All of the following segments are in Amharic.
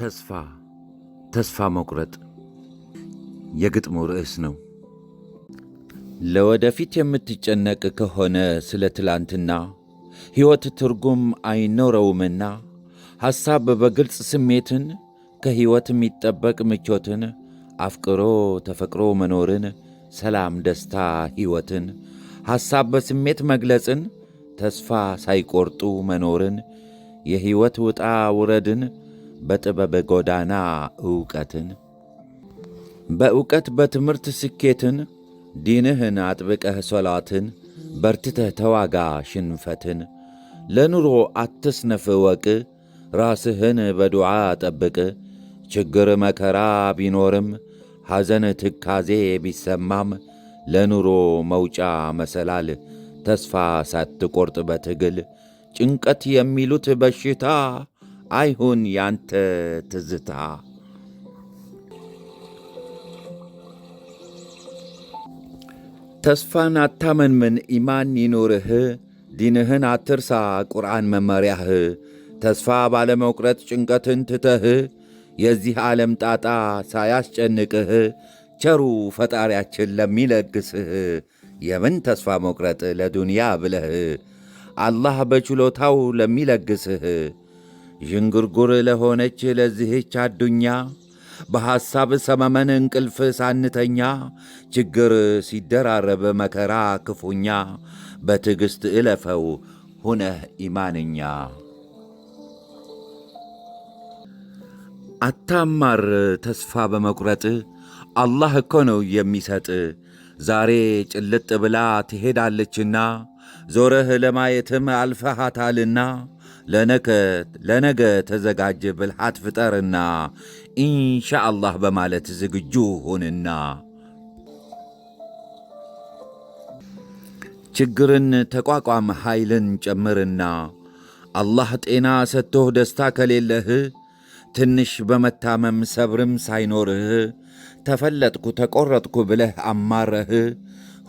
ተስፋ ተስፋ መቁረጥ የግጥሙ ርዕስ ነው። ለወደፊት የምትጨነቅ ከሆነ ስለ ትላንትና ሕይወት ትርጉም አይኖረውምና ሐሳብ በግልጽ ስሜትን ከሕይወት የሚጠበቅ ምቾትን አፍቅሮ ተፈቅሮ መኖርን ሰላም፣ ደስታ፣ ሕይወትን ሐሳብ በስሜት መግለጽን ተስፋ ሳይቆርጡ መኖርን የሕይወት ውጣ ውረድን በጥበብ ጎዳና ዕውቀትን በእውቀት በትምህርት ስኬትን ዲንህን አጥብቀህ ሶላትን በርትተህ ተዋጋ ሽንፈትን። ለኑሮ አትስነፍ ወቅ ራስህን በዱዓ ጠብቅ። ችግር መከራ ቢኖርም ሐዘን ትካዜ ቢሰማም ለኑሮ መውጫ መሰላል ተስፋ ሳትቆርጥ በትግል ጭንቀት የሚሉት በሽታ አይሁን ያንተ ትዝታ ተስፋን አታመንምን፣ ኢማን ይኑርህ። ዲንህን አትርሳ፣ ቁርአን መመሪያህ። ተስፋ ባለመቁረጥ ጭንቀትን ትተህ የዚህ ዓለም ጣጣ ሳያስጨንቅህ ቸሩ ፈጣሪያችን ለሚለግስህ የምን ተስፋ መቁረጥ ለዱንያ ብለህ አላህ በችሎታው ለሚለግስህ ዥንጉርጉር ለሆነች ለዚህች አዱኛ በሐሳብ ሰመመን እንቅልፍ ሳንተኛ ችግር ሲደራረብ መከራ ክፉኛ በትዕግሥት እለፈው ሁነህ ኢማንኛ። አታማር ተስፋ በመቁረጥ አላህ እኮ ነው የሚሰጥ። ዛሬ ጭልጥ ብላ ትሄዳለችና ዞረህ ለማየትም አልፈሃታልና ለነገ ተዘጋጀ ብልሃት ፍጠርና ኢንሻአላህ በማለት ዝግጁ ሁንና ችግርን ተቋቋም ኃይልን ጨምርና አላህ ጤና ሰጥቶህ ደስታ ከሌለህ ትንሽ በመታመም ሰብርም ሳይኖርህ ተፈለጥኩ ተቆረጥኩ ብለህ አማረህ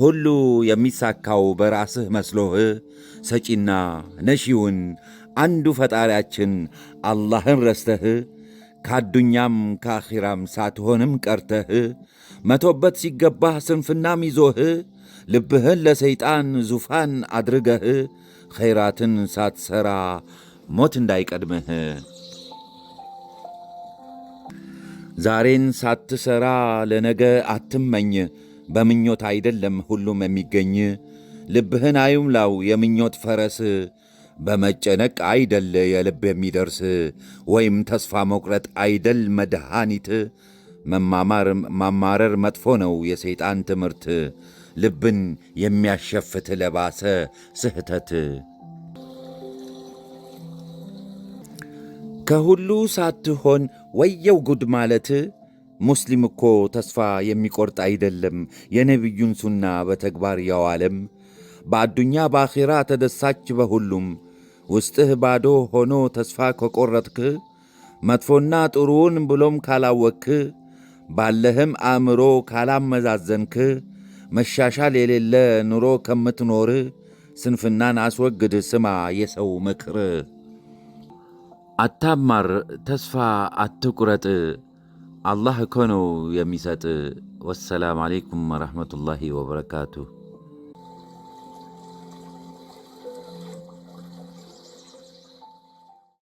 ሁሉ የሚሳካው በራስህ መስሎህ ሰጪና ነሺውን አንዱ ፈጣሪያችን አላህን ረስተህ ከአዱኛም ከአኺራም ሳትሆንም ቀርተህ መቶበት ሲገባህ ስንፍናም ይዞህ ልብህን ለሰይጣን ዙፋን አድርገህ ኸይራትን ሳትሠራ ሞት እንዳይቀድምህ ዛሬን ሳትሠራ ለነገ አትመኝ። በምኞት አይደለም ሁሉም የሚገኝ ልብህን አይሙላው የምኞት ፈረስ በመጨነቅ አይደል የልብ የሚደርስ ወይም ተስፋ መቁረጥ አይደል መድኃኒት። መማማር ማማረር መጥፎ ነው የሰይጣን ትምህርት፣ ልብን የሚያሸፍት ለባሰ ስህተት። ከሁሉ ሳትሆን ወየው ጉድ ማለት ሙስሊም እኮ ተስፋ የሚቆርጥ አይደለም የነቢዩን ሱና በተግባር ያዋለም በአዱኛ በአኼራ ተደሳች በሁሉም ውስጥህ ባዶ ሆኖ ተስፋ ከቆረጥክ መጥፎና ጥሩውን ብሎም ካላወክ ባለህም አእምሮ ካላመዛዘንክ መሻሻል የሌለ ኑሮ ከምትኖር ስንፍናን አስወግድ። ስማ የሰው ምክር። አታማር፣ ተስፋ አትቁረጥ። አላህ እኮ ነው የሚሰጥ። ወሰላም አሌይኩም ወረሕመቱላሂ ወበረካቱ።